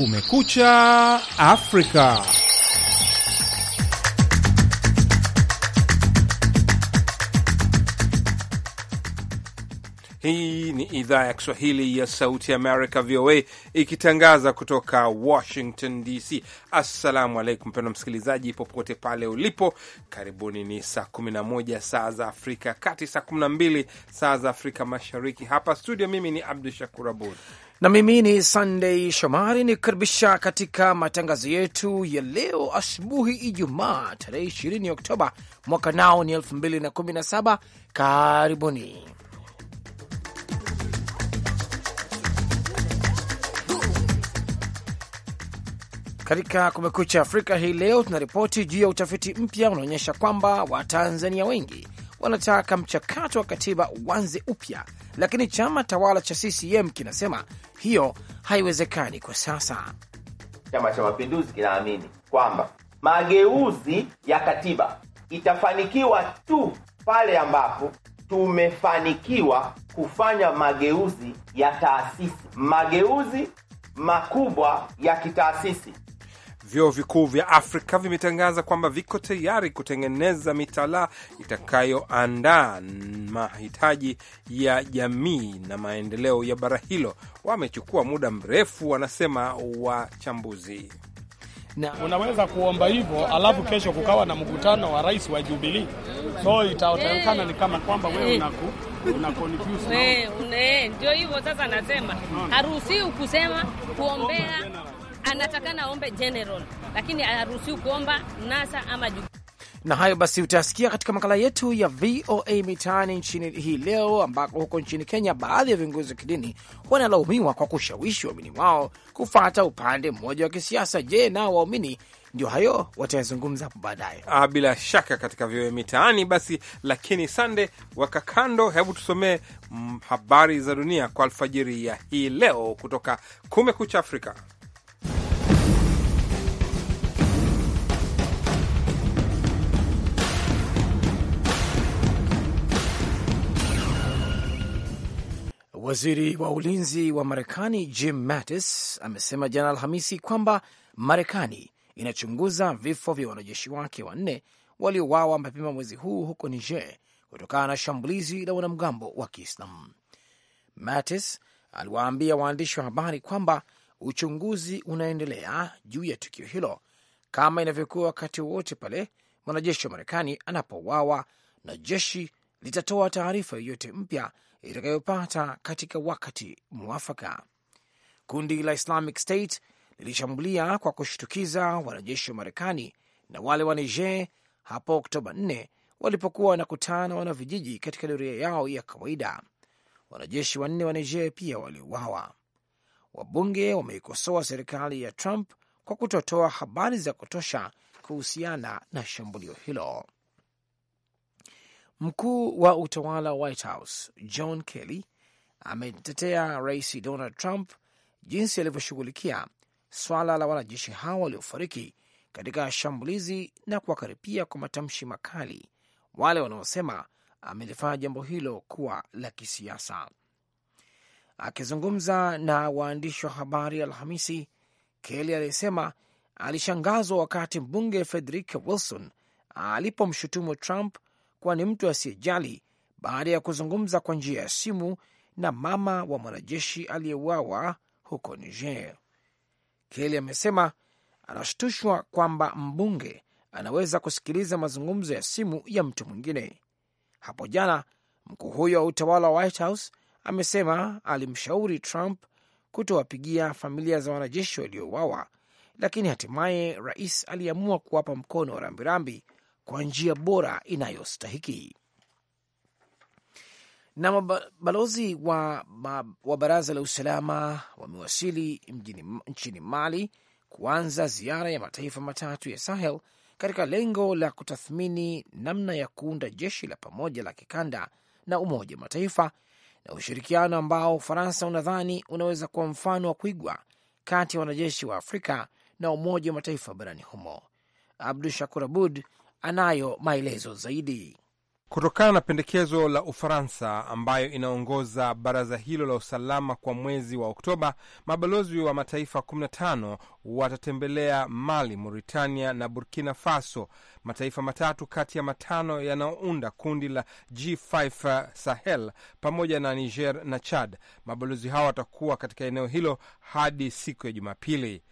Kumekucha Afrika. Hii ni idhaa ya Kiswahili ya Sauti Amerika, VOA, ikitangaza kutoka Washington DC. Assalamu alaikum, mpendwa msikilizaji, popote pale ulipo, karibuni. Ni saa 11 saa za Afrika kati, saa 12 saa za Afrika Mashariki. Hapa studio, mimi ni Abdu Shakur Abud na mimi ni Sandei Shomari ni kukaribisha katika matangazo yetu ya leo asubuhi, Ijumaa tarehe 20 Oktoba mwaka nao ni 217 Karibuni katika Kumekucha Afrika. Hii leo tunaripoti juu ya utafiti mpya unaonyesha kwamba Watanzania wengi wanataka mchakato wa katiba uanze upya, lakini chama tawala cha CCM kinasema hiyo haiwezekani kwa sasa. Chama cha Mapinduzi kinaamini kwamba mageuzi ya katiba itafanikiwa tu pale ambapo tumefanikiwa kufanya mageuzi ya taasisi, mageuzi makubwa ya kitaasisi. Vyuo vikuu vya Afrika vimetangaza kwamba viko tayari kutengeneza mitaala itakayoandaa mahitaji ya jamii na maendeleo ya bara hilo. Wamechukua muda mrefu, wanasema wachambuzi. Na unaweza kuomba hivyo, alafu kesho kukawa na mkutano wa rais wa Jubilii, so itaonekana ni kama kwamba wewe eh. unaku eh, ndio hivyo sasa. Nasema haruhusiwi kusema kuombea anatakana aombe general, lakini aruhusiwi kuomba NASA ama juu na hayo basi utayasikia katika makala yetu ya VOA Mitaani nchini hii leo, ambako huko nchini Kenya baadhi ya viongozi wa kidini wanalaumiwa kwa kushawishi waumini wao kufata upande mmoja wa kisiasa. Je, nao waumini ndio hayo watayazungumza hapo baadaye, ah, bila shaka katika VOA Mitaani. Basi lakini sande waka kando, hebu tusomee mm, habari za dunia kwa alfajiri ya hii leo kutoka Kumekucha Afrika. Waziri wa ulinzi wa Marekani Jim Mattis amesema jana Alhamisi kwamba Marekani inachunguza vifo vya wanajeshi wake wanne waliowawa mapema mwezi huu huko Niger kutokana na shambulizi la wanamgambo wa Kiislamu. Mattis aliwaambia waandishi wa habari kwamba uchunguzi unaendelea juu ya tukio hilo kama inavyokuwa wakati wowote pale mwanajeshi wa Marekani anapowawa na jeshi litatoa taarifa yoyote mpya itakayopata katika wakati mwafaka. Kundi la Islamic State lilishambulia kwa kushtukiza wanajeshi wa Marekani na wale wa Niger hapo Oktoba 4 walipokuwa wanakutana na wanavijiji katika doria yao ya kawaida. Wanajeshi wanne wa Niger pia waliuawa. Wabunge wameikosoa serikali ya Trump kwa kutotoa habari za kutosha kuhusiana na shambulio hilo. Mkuu wa utawala wa White House John Kelly ametetea Rais Donald Trump jinsi alivyoshughulikia swala la wanajeshi hao waliofariki katika shambulizi na kuwakaripia kwa matamshi makali wale wanaosema amelifanya jambo hilo kuwa la kisiasa. Akizungumza na waandishi wa habari Alhamisi, Kelly alisema alishangazwa wakati mbunge Frederica Wilson alipomshutumu Trump ni mtu asiyejali, baada ya kuzungumza kwa njia ya simu na mama wa mwanajeshi aliyeuawa huko Niger. Keli amesema anashtushwa kwamba mbunge anaweza kusikiliza mazungumzo ya simu ya mtu mwingine. Hapo jana mkuu huyo wa utawala wa White House amesema alimshauri Trump kutowapigia familia za wanajeshi waliouawa, lakini hatimaye rais aliamua kuwapa mkono wa rambirambi kwa njia bora inayostahiki. Na mabalozi wa, wa baraza la usalama wamewasili nchini Mali kuanza ziara ya mataifa matatu ya Sahel katika lengo la kutathmini namna ya kuunda jeshi la pamoja la kikanda na Umoja wa Mataifa na ushirikiano ambao Ufaransa unadhani unaweza kuwa mfano wa kuigwa kati ya wanajeshi wa Afrika na Umoja wa Mataifa barani humo. Abdu Shakur Abud anayo maelezo zaidi. Kutokana na pendekezo la Ufaransa ambayo inaongoza baraza hilo la usalama kwa mwezi wa Oktoba, mabalozi wa mataifa 15 watatembelea Mali, Mauritania na Burkina Faso, mataifa matatu kati ya matano yanayounda kundi la G5 Sahel pamoja na Niger na Chad. Mabalozi hao watakuwa katika eneo hilo hadi siku ya Jumapili.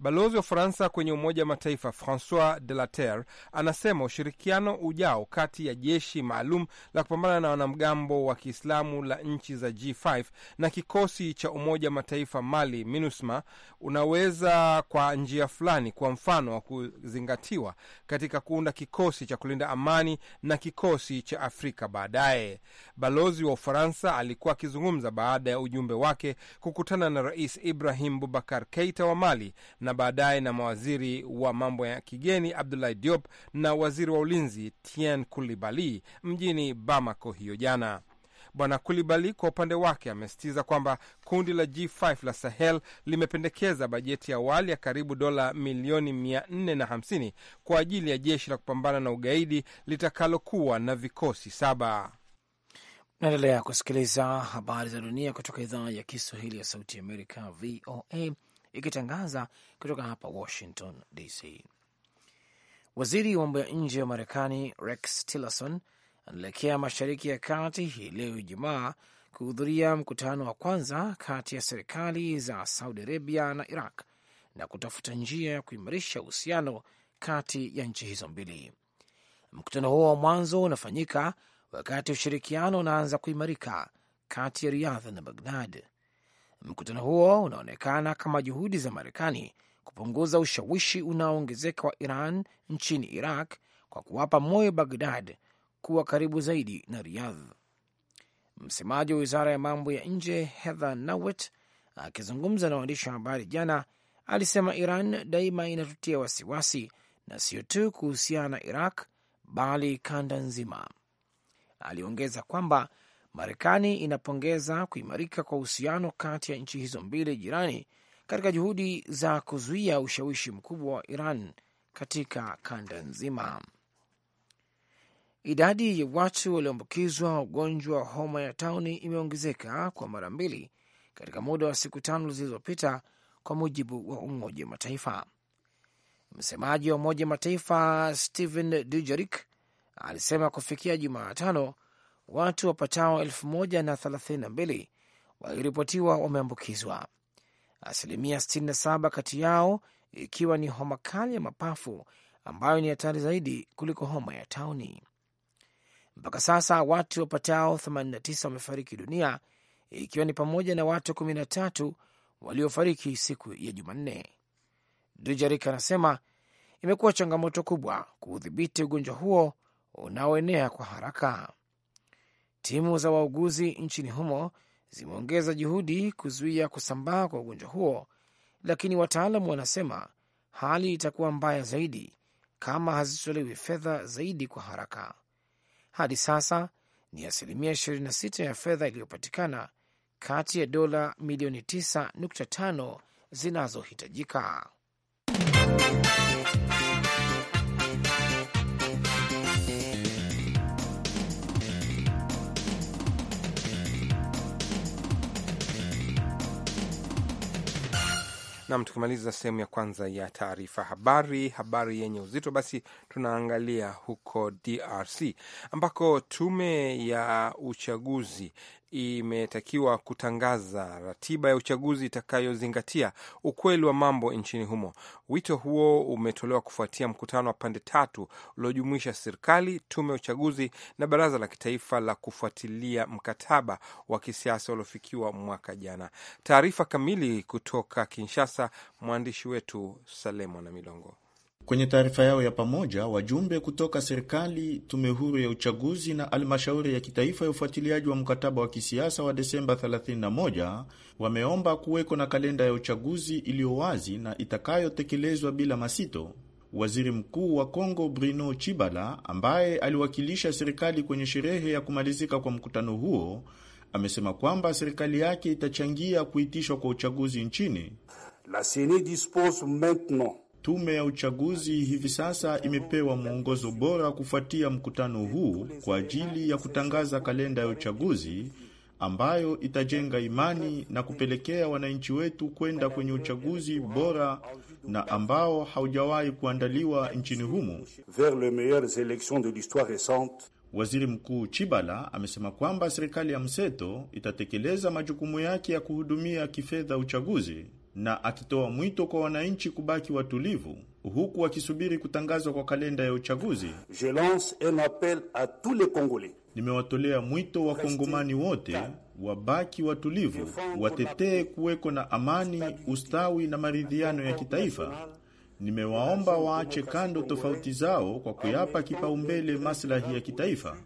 Balozi wa Ufaransa kwenye Umoja wa Mataifa Francois de la Terre anasema ushirikiano ujao kati ya jeshi maalum la kupambana na wanamgambo wa Kiislamu la nchi za G5 na kikosi cha Umoja wa Mataifa Mali MINUSMA unaweza kwa njia fulani, kwa mfano wa kuzingatiwa katika kuunda kikosi cha kulinda amani na kikosi cha Afrika baadaye. Balozi wa Ufaransa alikuwa akizungumza baada ya ujumbe wake kukutana na Rais Ibrahim Bubakar Keita wa Mali na na baadaye na mawaziri wa mambo ya kigeni Abdulahi Diop na waziri wa ulinzi Tien Kulibali mjini Bamako hiyo jana. Bwana Kulibali kwa upande wake amesitiza kwamba kundi la G5 la Sahel limependekeza bajeti ya awali ya karibu dola milioni 450 kwa ajili ya jeshi la kupambana na ugaidi litakalokuwa na vikosi saba. Naendelea kusikiliza habari za dunia kutoka idhaa ya Kiswahili ya Sauti Amerika, VOA, ikitangaza kutoka hapa Washington DC. Waziri wa mambo ya nje wa Marekani Rex Tillerson anaelekea Mashariki ya Kati hii leo Ijumaa kuhudhuria mkutano wa kwanza kati ya serikali za Saudi Arabia na Iraq na kutafuta njia ya kuimarisha uhusiano kati ya nchi hizo mbili. Mkutano huo wa mwanzo unafanyika wakati ushirikiano unaanza kuimarika kati ya Riyadh na bagdad Mkutano huo unaonekana kama juhudi za Marekani kupunguza ushawishi unaoongezeka wa Iran nchini Iraq kwa kuwapa moyo Bagdad kuwa karibu zaidi na Riyadh. Msemaji wa wizara ya mambo ya nje Heather Nauert akizungumza na waandishi wa habari jana alisema Iran daima inatutia wasiwasi, na sio tu kuhusiana na Iraq bali kanda nzima. Aliongeza kwamba Marekani inapongeza kuimarika kwa uhusiano kati ya nchi hizo mbili jirani katika juhudi za kuzuia ushawishi mkubwa wa Iran katika kanda nzima. Idadi ya watu walioambukizwa ugonjwa wa homa ya tauni imeongezeka kwa mara mbili katika muda wa siku tano zilizopita, kwa mujibu wa Umoja wa Mataifa. Msemaji wa Umoja wa Mataifa Stephen Dujarik alisema kufikia Jumatano watu wapatao elfu moja na thelathini na mbili waliripotiwa wameambukizwa, asilimia 67 kati yao ikiwa ni homa kali ya mapafu ambayo ni hatari zaidi kuliko homa ya tauni. Mpaka sasa watu wapatao 89 wamefariki dunia ikiwa ni pamoja na watu 13 waliofariki siku ya Jumanne. Dujarik anasema imekuwa changamoto kubwa kuudhibiti ugonjwa huo unaoenea kwa haraka. Timu za wauguzi nchini humo zimeongeza juhudi kuzuia kusambaa kwa ugonjwa huo, lakini wataalam wanasema hali itakuwa mbaya zaidi kama hazitolewi fedha zaidi kwa haraka. Hadi sasa ni asilimia 26 ya fedha iliyopatikana kati ya dola milioni 9.5 zinazohitajika. Nam, tukimaliza sehemu ya kwanza ya taarifa habari, habari yenye uzito, basi tunaangalia huko DRC ambako tume ya uchaguzi imetakiwa kutangaza ratiba ya uchaguzi itakayozingatia ukweli wa mambo nchini humo. Wito huo umetolewa kufuatia mkutano wa pande tatu uliojumuisha serikali, tume ya uchaguzi na baraza la kitaifa la kufuatilia mkataba wa kisiasa uliofikiwa mwaka jana. Taarifa kamili kutoka Kinshasa, mwandishi wetu Salemo na Milongo. Kwenye taarifa yao ya pamoja, wajumbe kutoka serikali, tume huru ya uchaguzi na almashauri ya kitaifa ya ufuatiliaji wa mkataba wa kisiasa wa Desemba 31 wameomba kuweko na kalenda ya uchaguzi iliyo wazi na itakayotekelezwa bila masito. Waziri Mkuu wa Kongo Bruno Chibala, ambaye aliwakilisha serikali kwenye sherehe ya kumalizika kwa mkutano huo, amesema kwamba serikali yake itachangia kuitishwa kwa uchaguzi nchini. La CENI dispose maintenant Tume ya uchaguzi hivi sasa imepewa mwongozo bora kufuatia mkutano huu kwa ajili ya kutangaza kalenda ya uchaguzi ambayo itajenga imani na kupelekea wananchi wetu kwenda kwenye uchaguzi bora na ambao haujawahi kuandaliwa nchini humo. Waziri Mkuu Chibala amesema kwamba serikali ya mseto itatekeleza majukumu yake ya kuhudumia kifedha uchaguzi na akitoa mwito kwa wananchi kubaki watulivu huku akisubiri kutangazwa kwa kalenda ya uchaguzi. Je lance un appel a tous les Congolais. Nimewatolea mwito wa Kongomani wote wabaki watulivu, watetee kuweko na amani, ustawi na maridhiano ya kitaifa. Nimewaomba waache kando tofauti zao kwa kuyapa kipaumbele maslahi ya kitaifa.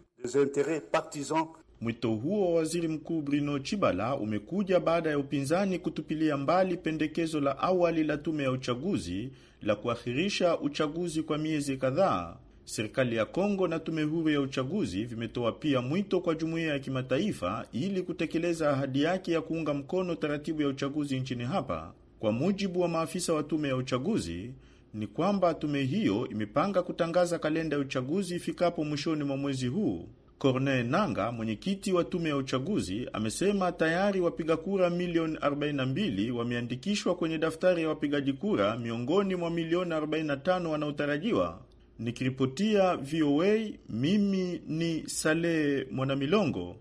Mwito huo wa waziri mkuu Bruno Chibala umekuja baada ya upinzani kutupilia mbali pendekezo la awali la tume ya uchaguzi la kuahirisha uchaguzi kwa miezi kadhaa. Serikali ya Kongo na tume huru ya uchaguzi vimetoa pia mwito kwa jumuiya ya kimataifa ili kutekeleza ahadi yake ya kuunga mkono taratibu ya uchaguzi nchini hapa. Kwa mujibu wa maafisa wa tume ya uchaguzi, ni kwamba tume hiyo imepanga kutangaza kalenda ya uchaguzi ifikapo mwishoni mwa mwezi huu. Corne Nanga, mwenyekiti wa tume ya uchaguzi, amesema tayari wapiga kura milioni 42 wameandikishwa kwenye daftari ya wapigaji kura miongoni mwa milioni 45 wanaotarajiwa. Nikiripotia VOA mimi ni Saleh Mwanamilongo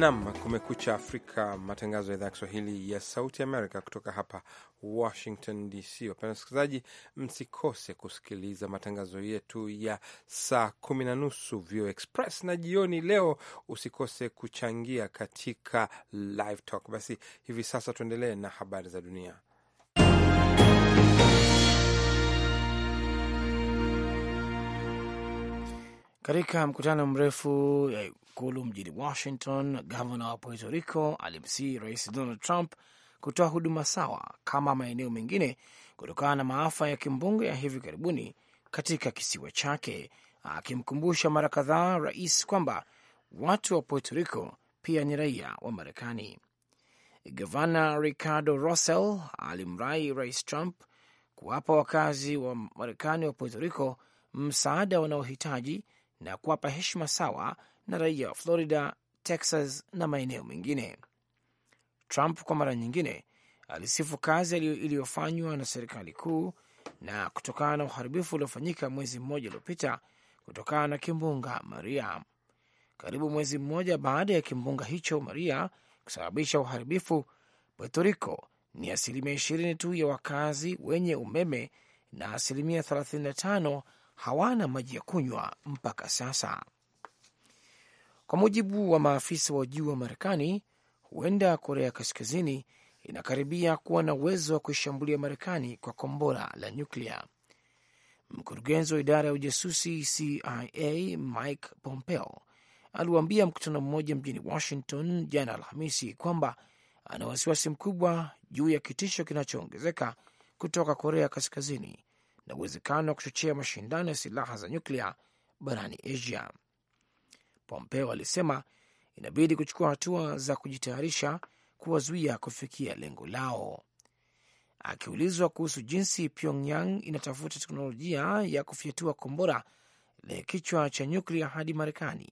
Nam Kumekucha Afrika, matangazo ya idhaa ya Kiswahili ya Sauti Amerika kutoka hapa Washington DC. Wapenda wasikilizaji, msikose kusikiliza matangazo yetu ya saa kumi na nusu Vio Express na jioni leo, usikose kuchangia katika Live Talk. Basi hivi sasa tuendelee na habari za dunia. Katika mkutano mrefu ya ikulu mjini Washington, gavana wa Puerto Rico alimsihi Rais Donald Trump kutoa huduma sawa kama maeneo mengine kutokana na maafa ya kimbunga ya hivi karibuni katika kisiwa chake, akimkumbusha mara kadhaa rais kwamba watu wa Puerto Rico pia ni raia wa Marekani. Gavana Ricardo Rossell alimrai Rais Trump kuwapa wakazi wa Marekani wa Puerto Rico msaada wanaohitaji na kuwapa heshima sawa na raia wa Florida, Texas na maeneo mengine. Trump kwa mara nyingine alisifu kazi iliyofanywa na serikali kuu na kutokana na uharibifu uliofanyika mwezi mmoja uliopita kutokana na kimbunga Maria. Karibu mwezi mmoja baada ya kimbunga hicho Maria kusababisha uharibifu, Puerto Rico ni asilimia ishirini tu ya wakazi wenye umeme na asilimia thelathini na tano hawana maji ya kunywa mpaka sasa. Kwa mujibu wa maafisa wa juu wa Marekani, huenda Korea Kaskazini inakaribia kuwa na uwezo wa kuishambulia Marekani kwa kombora la nyuklia. Mkurugenzi wa idara ya ujasusi CIA Mike Pompeo aliwaambia mkutano mmoja mjini Washington jana Alhamisi kwamba ana wasiwasi mkubwa juu ya kitisho kinachoongezeka kutoka Korea Kaskazini na uwezekano wa kuchochea mashindano ya silaha za nyuklia barani Asia. Pompeo alisema inabidi kuchukua hatua za kujitayarisha kuwazuia kufikia lengo lao. Akiulizwa kuhusu jinsi Pyongyang inatafuta teknolojia ya kufyatua kombora lenye kichwa cha nyuklia hadi Marekani,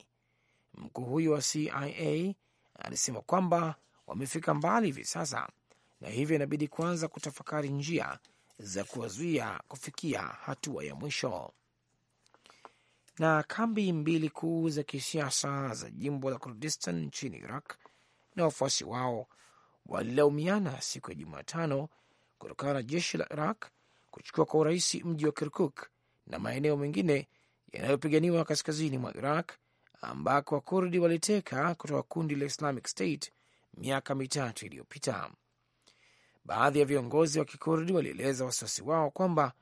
mkuu huyo wa CIA alisema kwamba wamefika mbali hivi sasa na hivyo inabidi kuanza kutafakari njia za kuwazuia kufikia hatua ya mwisho. Na kambi mbili kuu za kisiasa za jimbo la Kurdistan nchini Iraq na wafuasi wao walilaumiana siku ya Jumatano kutokana na jeshi la Iraq kuchukua kwa urahisi mji wa Kirkuk na maeneo mengine yanayopiganiwa kaskazini mwa Iraq ambako Wakurdi waliteka kutoka kundi la Islamic State miaka mitatu iliyopita. Baadhi ya viongozi wa Kikurdi walieleza wasiwasi wao kwamba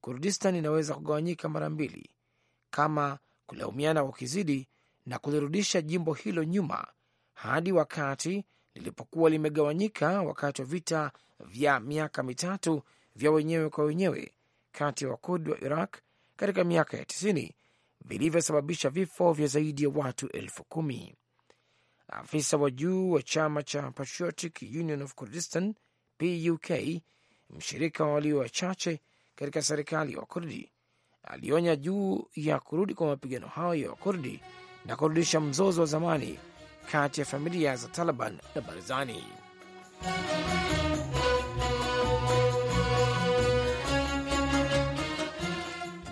Kurdistan inaweza kugawanyika mara mbili kama kulaumiana kizidi na kulirudisha jimbo hilo nyuma hadi wakati lilipokuwa limegawanyika wakati wa vita vya miaka mitatu vya wenyewe kwa wenyewe kati ya Wakurdi wa Iraq katika miaka ya tisini vilivyosababisha vifo vya zaidi ya watu elfu kumi. Afisa wa juu wa chama cha Patriotic Union of Kurdistan PUK, mshirika wa walio wachache katika serikali ya wa Wakurdi, alionya juu ya kurudi kwa mapigano hayo ya Wakurdi na kurudisha mzozo wa zamani kati ya familia za Taliban na Barzani.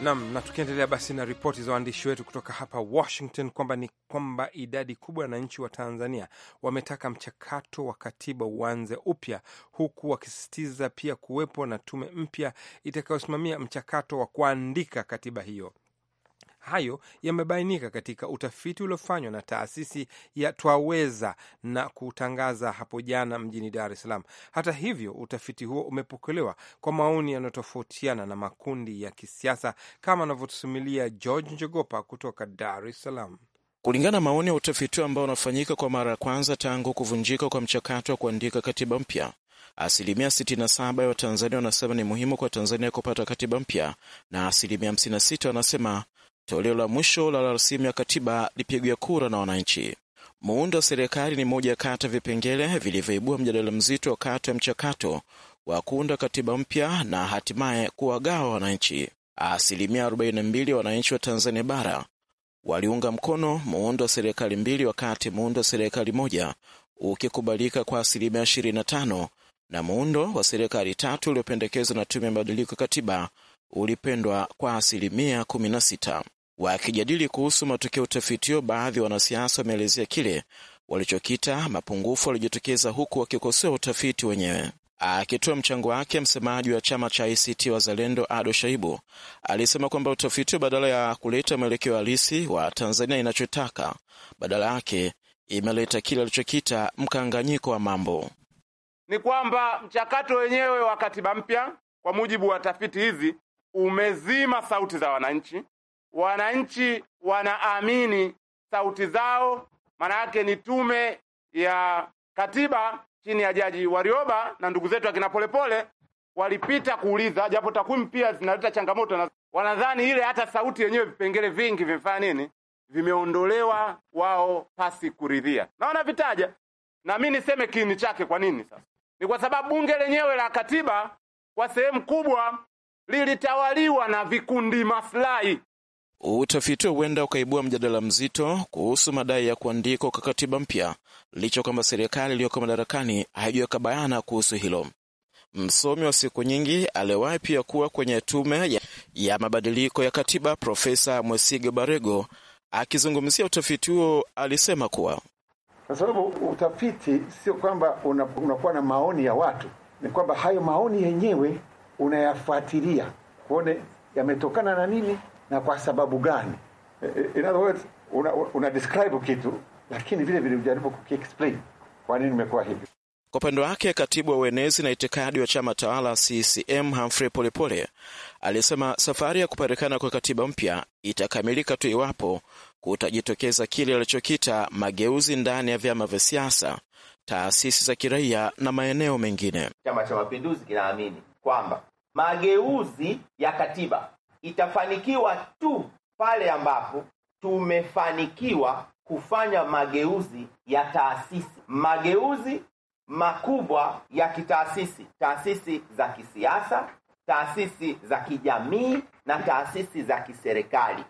Nam, na tukiendelea basi na ripoti za waandishi wetu kutoka hapa Washington kwamba ni kwamba idadi kubwa ya wananchi wa Tanzania wametaka mchakato wa katiba uanze upya, huku wakisisitiza pia kuwepo na tume mpya itakayosimamia mchakato wa kuandika katiba hiyo hayo yamebainika katika utafiti uliofanywa na taasisi ya Twaweza na kutangaza hapo jana mjini Dar es Salaam. Hata hivyo, utafiti huo umepokelewa kwa maoni yanayotofautiana na makundi ya kisiasa, kama anavyotusimulia George Njogopa kutoka Dar es Salaam. Kulingana na maoni ya utafiti ambao unafanyika kwa mara ya kwanza tangu kuvunjika kwa mchakato wa kuandika katiba mpya, asilimia 67 ya Watanzania wanasema ni muhimu kwa Tanzania kupata katiba mpya na asilimia 56 wanasema Toleo la mwisho la rasimu ya katiba lipigwa kura na wananchi. Muundo wa serikali ni moja kati ya vipengele vilivyoibua mjadala mzito wakati wa mchakato wa kuunda katiba mpya na hatimaye kuwagawa wananchi. Asilimia 42 ya wananchi wa Tanzania bara waliunga mkono muundo wa serikali mbili, wakati muundo wa serikali moja ukikubalika kwa asilimia 25 na muundo wa serikali tatu uliopendekezwa na Tume ya Mabadiliko ya Katiba ulipendwa kwa asilimia 16. Wakijadili kuhusu matokeo utafiti huo, baadhi ya wanasiasa wameelezea kile walichokita mapungufu waliojitokeza, huku wakikosoa utafiti wenyewe. Akitoa mchango wake, msemaji wa chama cha ACT Wazalendo Ado Shaibu alisema kwamba utafiti huo badala ya kuleta mwelekeo halisi wa Tanzania inachotaka, badala yake imeleta kile alichokita mkanganyiko wa mambo. Ni kwamba mchakato wenyewe wa katiba mpya kwa mujibu wa tafiti hizi umezima sauti za wananchi, wananchi wanaamini sauti zao, maana ni tume ya katiba chini ya Jaji Warioba na ndugu zetu akina Polepole walipita kuuliza, japo takwimu pia zinaleta changamoto na wanadhani ile hata sauti yenyewe vipengele vingi vimefanya nini, vimeondolewa wao pasi kuridhia, na wanavitaja. Na mi niseme kiini chake kwa nini sasa, ni kwa sababu bunge lenyewe la katiba kwa sehemu kubwa lilitawaliwa na vikundi maslahi Utafiti huenda ukaibua mjadala mzito kuhusu madai ya kuandikwa kwa katiba mpya licha kwamba serikali iliyoko madarakani haijaweka bayana kuhusu hilo. Msomi wa siku nyingi aliyewahi pia kuwa kwenye tume ya, ya mabadiliko ya katiba Profesa Mwesige Barego akizungumzia utafiti huo alisema kuwa kwa sababu utafiti sio kwamba una, unakuwa na maoni ya watu, ni kwamba hayo maoni yenyewe unayafuatilia kuone yametokana na nini na kwa sababu gani. Eh, eh, in other words, una, una describe kitu lakini vile vile ujaribu kukiexplain kwa nini imekuwa hivi. Kwa upande wake katibu wa uenezi na itikadi wa chama tawala CCM Humphrey Polepole alisema safari ya kupatikana kwa katiba mpya itakamilika tu iwapo kutajitokeza kile alichokita mageuzi ndani ya vyama vya siasa, taasisi za kiraia na maeneo mengine. Chama cha Mapinduzi kinaamini kwamba mageuzi ya katiba itafanikiwa tu pale ambapo tumefanikiwa kufanya mageuzi ya taasisi, mageuzi makubwa ya kitaasisi, taasisi za kisiasa, taasisi za kijamii na taasisi za kiserikali,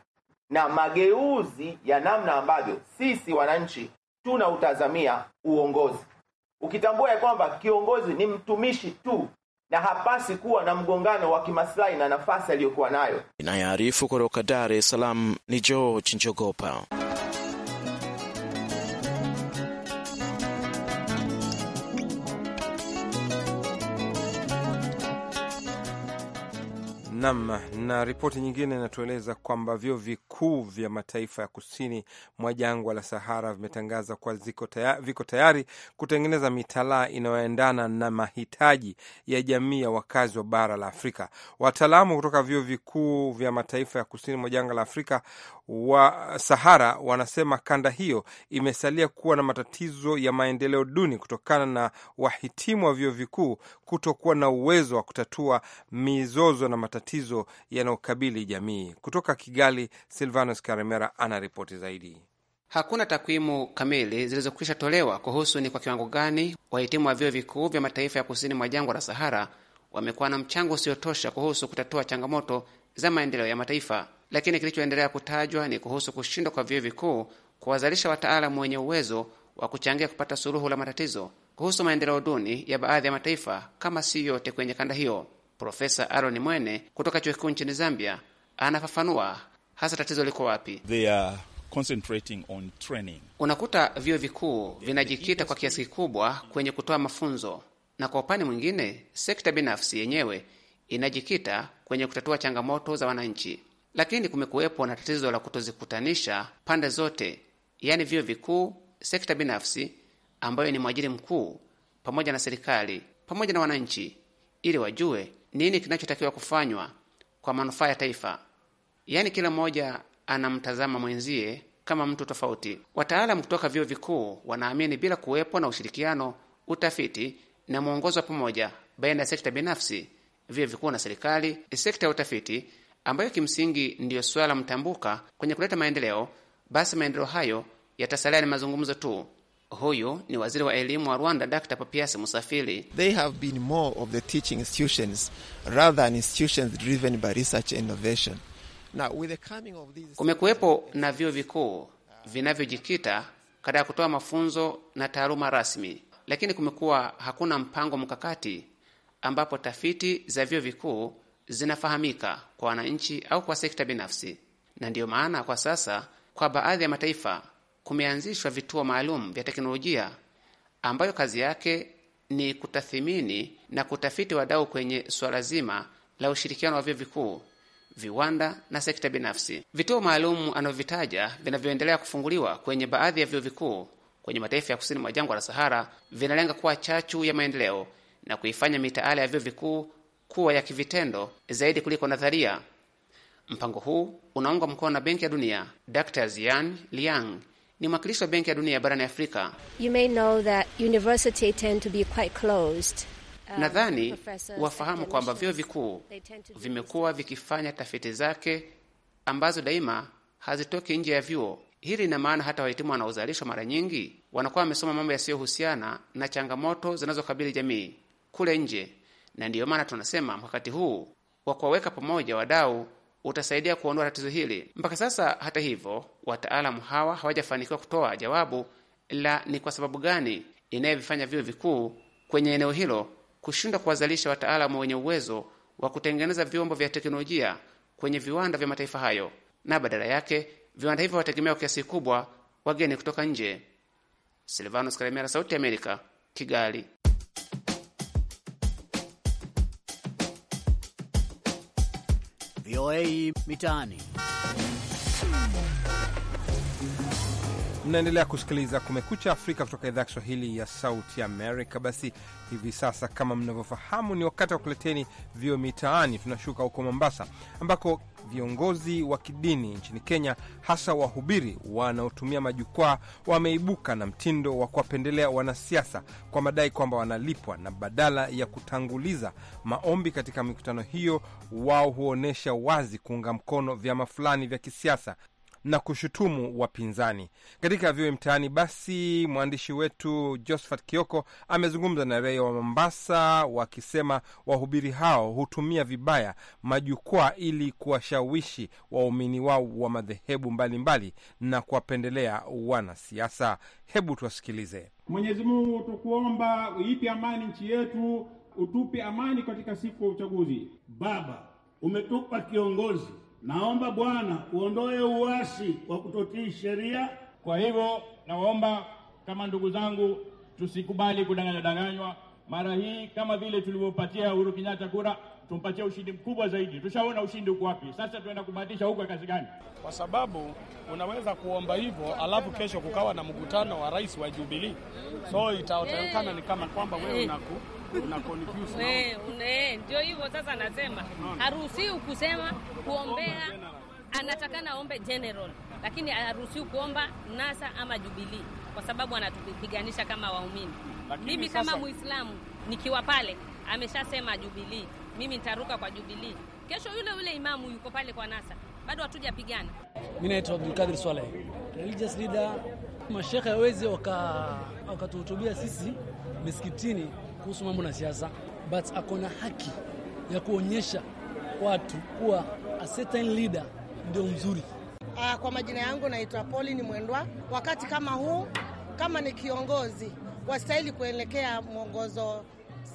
na mageuzi ya namna ambavyo sisi wananchi tunautazamia uongozi, ukitambua ya kwamba kiongozi ni mtumishi tu na hapasi kuwa na mgongano wa kimaslahi na nafasi aliyokuwa nayo. Inayoarifu kutoka Dar es Salaam ni George Njogopa. Nam na ripoti nyingine inatueleza kwamba vyuo vikuu vya mataifa ya kusini mwa jangwa la Sahara vimetangaza kuwa taya, viko tayari kutengeneza mitalaa inayoendana na mahitaji ya jamii ya wakazi wa bara la Afrika. Wataalamu kutoka vyuo vikuu vya mataifa ya kusini mwa jangwa la Afrika wa Sahara wanasema kanda hiyo imesalia kuwa na matatizo ya maendeleo duni kutokana na wahitimu wa vyuo vikuu kutokuwa na uwezo wa kutatua mizozo na matatizo matatizo yanayokabili jamii. Kutoka Kigali, Silvanus Karemera anaripoti zaidi. Hakuna takwimu kamili zilizokwisha tolewa kuhusu ni kwa kiwango gani wahitimu wa vyuo vikuu vya mataifa ya kusini mwa jangwa la Sahara wamekuwa na mchango usiotosha kuhusu kutatua changamoto za maendeleo ya mataifa, lakini kilichoendelea kutajwa ni kuhusu kushindwa kwa vyuo vikuu kuwazalisha wataalamu wenye uwezo wa kuchangia kupata suluhu la matatizo kuhusu maendeleo duni ya baadhi ya mataifa, kama si yote, kwenye kanda hiyo. Profesa Aaron Mwene kutoka chuo kikuu nchini Zambia anafafanua hasa tatizo liko wapi. They are concentrating on training. Unakuta vyuo vikuu vinajikita kwa kiasi kikubwa kwenye kutoa mafunzo, na kwa upande mwingine sekta binafsi yenyewe inajikita kwenye kutatua changamoto za wananchi, lakini kumekuwepo na tatizo la kutozikutanisha pande zote, yaani vyuo vikuu, sekta binafsi ambayo ni mwajiri mkuu, pamoja na serikali, pamoja na wananchi, ili wajue nini kinachotakiwa kufanywa kwa manufaa ya taifa. Yaani kila mmoja anamtazama mwenzie kama mtu tofauti. Wataalamu kutoka vyuo vikuu wanaamini bila kuwepo na ushirikiano, utafiti na mwongozo wa pamoja baina ya sekta binafsi, vyuo vikuu na serikali, sekta ya utafiti ambayo kimsingi ndiyo swala mtambuka kwenye kuleta maendeleo, basi maendeleo hayo yatasalia ni mazungumzo tu. Huyu ni waziri wa elimu wa Rwanda, Dr Papias Musafiri. They have been more of the teaching institutions rather than institutions driven by research and innovation. Now, with the coming of these... kumekuwepo na vyuo vikuu vinavyojikita katika kutoa mafunzo na taaluma rasmi, lakini kumekuwa hakuna mpango mkakati ambapo tafiti za vyuo vikuu zinafahamika kwa wananchi au kwa sekta binafsi, na ndiyo maana kwa sasa kwa baadhi ya mataifa kumeanzishwa vituo maalum vya teknolojia ambayo kazi yake ni kutathimini na kutafiti wadau kwenye suala zima la ushirikiano wa vyuo vikuu, viwanda na sekta binafsi. Vituo maalum anavyovitaja vinavyoendelea kufunguliwa kwenye baadhi ya vyuo vikuu kwenye mataifa ya kusini mwa jangwa la Sahara vinalenga kuwa chachu ya maendeleo na kuifanya mitaala ya vyuo vikuu kuwa ya kivitendo zaidi kuliko nadharia. Mpango huu unaungwa mkono na Benki ya Dunia. Dr Zian Liang ni mwakilishi wa Benki ya Dunia barani Afrika. You may know that university tend to be quite closed. Um, Nadhani wafahamu kwamba vyuo vikuu vimekuwa vikifanya tafiti zake ambazo daima hazitoki nje ya vyuo. Hili lina maana hata wahitimu wanaozalishwa mara nyingi wanakuwa wamesoma mambo yasiyohusiana na changamoto zinazokabili jamii kule nje, na ndiyo maana tunasema mkakati huu wa kuwaweka pamoja wadau utasaidia kuondoa tatizo hili. Mpaka sasa, hata hivyo, wataalamu hawa hawajafanikiwa kutoa jawabu la ni kwa sababu gani inayovifanya vyuo vikuu kwenye eneo hilo kushindwa kuwazalisha wataalamu wenye uwezo wa kutengeneza vyombo vya teknolojia kwenye viwanda vya mataifa hayo, na badala yake viwanda hivyo wategemea kwa kiasi kubwa wageni kutoka nje. Sauti ya Amerika, Kigali. VOA Mitaani. Mnaendelea kusikiliza Kumekucha Afrika kutoka idhaa ya Kiswahili ya Sauti Amerika. Basi hivi sasa, kama mnavyofahamu, ni wakati wa kuleteni vio mitaani. Tunashuka huko Mombasa, ambako viongozi wa kidini nchini Kenya, hasa wahubiri wanaotumia majukwaa, wameibuka na mtindo wa kuwapendelea wanasiasa kwa madai kwamba wanalipwa, na badala ya kutanguliza maombi katika mikutano hiyo, wao huonyesha wazi kuunga mkono vyama fulani vya kisiasa na kushutumu wapinzani katika vyuo mtaani. Basi mwandishi wetu Josephat Kioko amezungumza na raia wa Mombasa wakisema wahubiri hao hutumia vibaya majukwaa ili kuwashawishi waumini wao wa madhehebu mbalimbali mbali na kuwapendelea wanasiasa. Hebu tuwasikilize. Mwenyezi Mungu, tukuomba uipe amani nchi yetu, utupe amani katika siku ya uchaguzi. Baba, umetupa kiongozi Naomba Bwana uondoe uasi wa kutotii sheria. Kwa hivyo nawaomba kama ndugu zangu, tusikubali kudanganywa danganywa. Mara hii kama vile tulivyopatia Uhuru Kenyatta kura, tumpatie ushindi mkubwa zaidi. Tushaona ushindi uko wapi, sasa tuenda kubadilisha huko kazi gani? Kwa sababu unaweza kuomba hivyo, alafu kesho kukawa na mkutano wa rais wa Jubilee, so itaonekana ni kama kwamba wewe unaku ndio hivyo sasa, anasema haruhusiwi kusema kuombea, anatakana aombe general, lakini haruhusiwi kuomba NASA ama jubilii kwa sababu anatupiganisha kama waumini. Mimi kama Muislamu nikiwa pale, ameshasema jubilii mimi nitaruka kwa jubilii Kesho yule yule imamu yuko pale kwa NASA, bado hatujapigana. mi naitwa Abdulkadir Swaleh, religious leader. Mashekhe hawezi wakatuhutubia waka sisi misikitini kuhusu mambo na siasa, but akona na haki ya kuonyesha watu kuwa a certain leader ndio mzuri. Ah, kwa majina yangu naitwa Pauline Mwendwa. Wakati kama huu, kama ni kiongozi, wastahili kuelekea mwongozo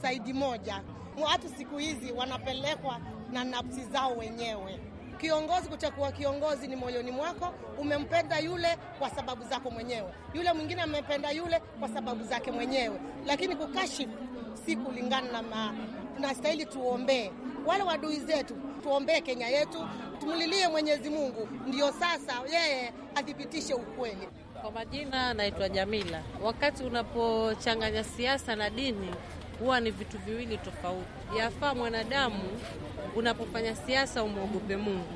saidi moja. Watu siku hizi wanapelekwa na nafsi zao wenyewe. Kiongozi, kuchakuwa kiongozi ni moyoni mwako. Umempenda yule kwa sababu zako mwenyewe, yule mwingine amependa yule kwa sababu zake mwenyewe, lakini kukashifu si kulingana na ma, tunastahili tuombee wale wadui zetu, tuombee Kenya yetu, tumlilie Mwenyezi Mungu, ndiyo sasa yeye athibitishe ukweli. Kwa majina naitwa Jamila. Wakati unapochanganya siasa na dini huwa ni vitu viwili tofauti. Yafaa mwanadamu unapofanya siasa umwogope Mungu,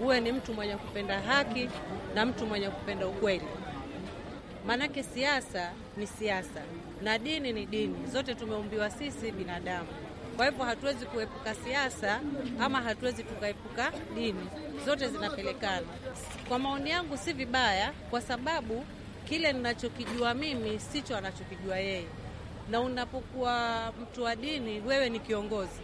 uwe ni mtu mwenye kupenda haki na mtu mwenye kupenda ukweli, maanake siasa ni siasa na dini ni dini, zote tumeumbiwa sisi binadamu. Kwa hivyo hatuwezi kuepuka siasa ama hatuwezi tukaepuka dini, zote zinapelekana. Kwa maoni yangu, si vibaya, kwa sababu kile ninachokijua mimi sicho anachokijua yeye, na unapokuwa mtu wa dini, wewe ni kiongozi.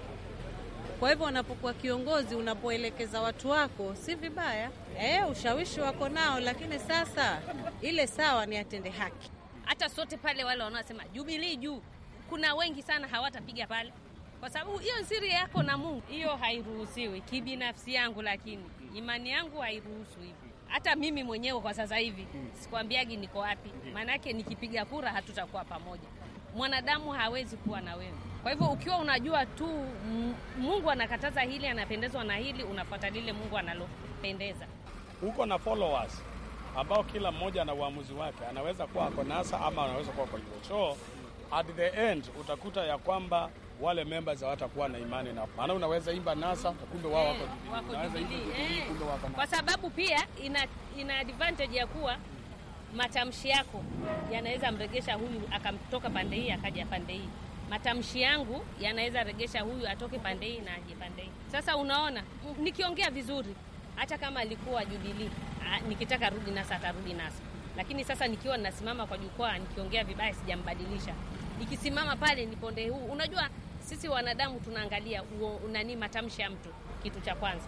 Kwa hivyo unapokuwa kiongozi, unapoelekeza watu wako, si vibaya. E, ushawishi wako nao, lakini sasa ile sawa ni atende haki hata sote pale, wale wanaosema Jubilii juu, kuna wengi sana hawatapiga pale, kwa sababu hiyo siri yako na Mungu, hiyo hairuhusiwi. Kibinafsi yangu, lakini imani yangu hairuhusu hivi. Hata mimi mwenyewe kwa sasa hivi sikwambiagi niko wapi, maanake nikipiga kura hatutakuwa pamoja. Mwanadamu hawezi kuwa na wewe. Kwa hivyo ukiwa unajua tu Mungu anakataza hili, anapendezwa na hili, unafuata lile Mungu analopendeza. Uko na followers ambao kila mmoja ana uamuzi wake, anaweza kuwa ako NASA ama anaweza kuwa kwa UHO. So at the end utakuta ya kwamba wale members hawatakuwa na imani na, maana unaweza imba NASA kumbe wao wako Jubilee, eh. kwa sababu pia ina, ina advantage ya kuwa matamshi yako yanaweza mregesha huyu akamtoka pande hii akaja pande hii. Matamshi yangu yanaweza regesha huyu atoke pande hii na aje pande hii. Sasa unaona, nikiongea vizuri hata kama alikuwa Jubilee, nikitaka rudi NASA atarudi NASA, lakini sasa nikiwa nasimama kwa jukwaa nikiongea vibaya, sijambadilisha. Nikisimama pale niponde huu, unajua sisi wanadamu tunaangalia nani matamshi ya mtu, kitu cha kwanza.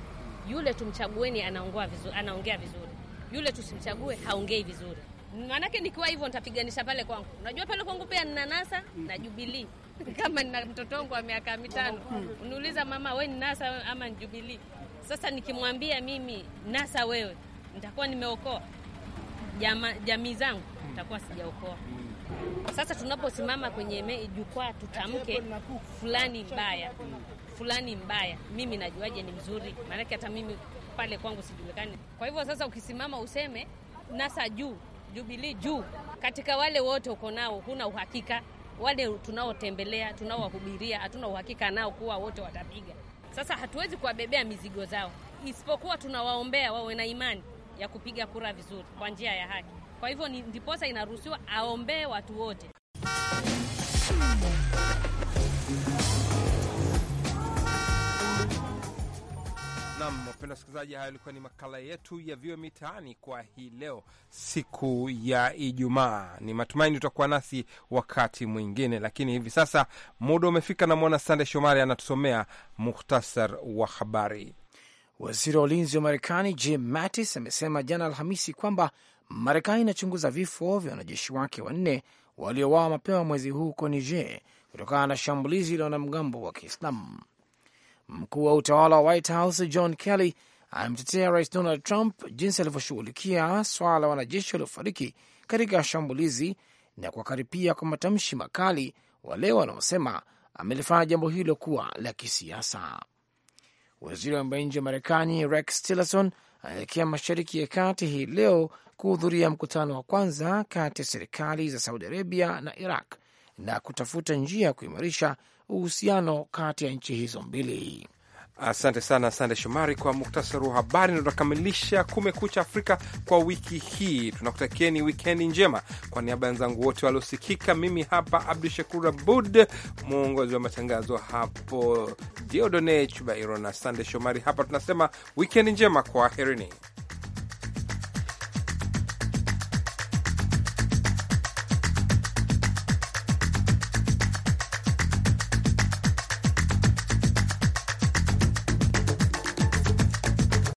Yule tumchagueni anaongea vizuri, anaongea vizuri. Yule tusimchague haongei vizuri. Maanake nikiwa hivyo nitapiganisha pale kwangu. Unajua pale kwangu pia nina NASA na Jubilii kama nina mtoto wangu wa miaka mitano, mm. uniuliza mama, we ni NASA ama ni Jubilii? Sasa nikimwambia mimi nasa wewe, nitakuwa nimeokoa jamii zangu? Nitakuwa sijaokoa. Sasa tunaposimama kwenye jukwaa, tutamke fulani mbaya, fulani mbaya, mimi najuaje ni mzuri? Maanake hata mimi pale kwangu sijulikani. Kwa hivyo sasa ukisimama useme nasa juu, Jubilii juu, katika wale wote uko nao huna uhakika. Wale tunaotembelea tunaowahubiria, hatuna uhakika nao kuwa wote watapiga sasa hatuwezi kuwabebea mizigo zao, isipokuwa tunawaombea wawe na imani ya kupiga kura vizuri kwa njia ya haki. Kwa hivyo ndiposa inaruhusiwa aombee watu wote. Nam, wapenda wasikilizaji, hayo ilikuwa ni makala yetu ya Vio Mitaani kwa hii leo, siku ya Ijumaa. Ni matumaini utakuwa nasi wakati mwingine, lakini hivi sasa muda umefika. Namwona Sande Shomari anatusomea muhtasar wa habari. Waziri wa ulinzi wa Marekani Jim Mattis amesema jana Alhamisi kwamba Marekani inachunguza vifo vya wanajeshi wake wanne waliowawa mapema mwezi huu huko Niger kutokana na shambulizi la wanamgambo wa Kiislamu. Mkuu wa utawala wa White House John Kelly amemtetea Rais Donald Trump jinsi alivyoshughulikia swala la wanajeshi waliofariki katika shambulizi na kuwakaripia kwa matamshi makali wale wanaosema amelifanya jambo hilo kuwa la kisiasa. Waziri wa mambo ya nje wa Marekani Rex Tillerson anaelekea Mashariki ya Kati hii leo kuhudhuria mkutano wa kwanza kati ya serikali za Saudi Arabia na Iraq na kutafuta njia ya kuimarisha uhusiano kati ya nchi hizo mbili. Asante sana, Sande Shomari, kwa muktasari wa habari. Na tunakamilisha Kumekucha Afrika kwa wiki hii. Tunakutakieni wikendi njema. Kwa niaba ya wenzangu wote waliosikika, mimi hapa Abdu Shakur Abud, mwongozi wa matangazo hapo Diodone Chubairo na Sande Shomari hapa tunasema wikendi njema, kwaherini.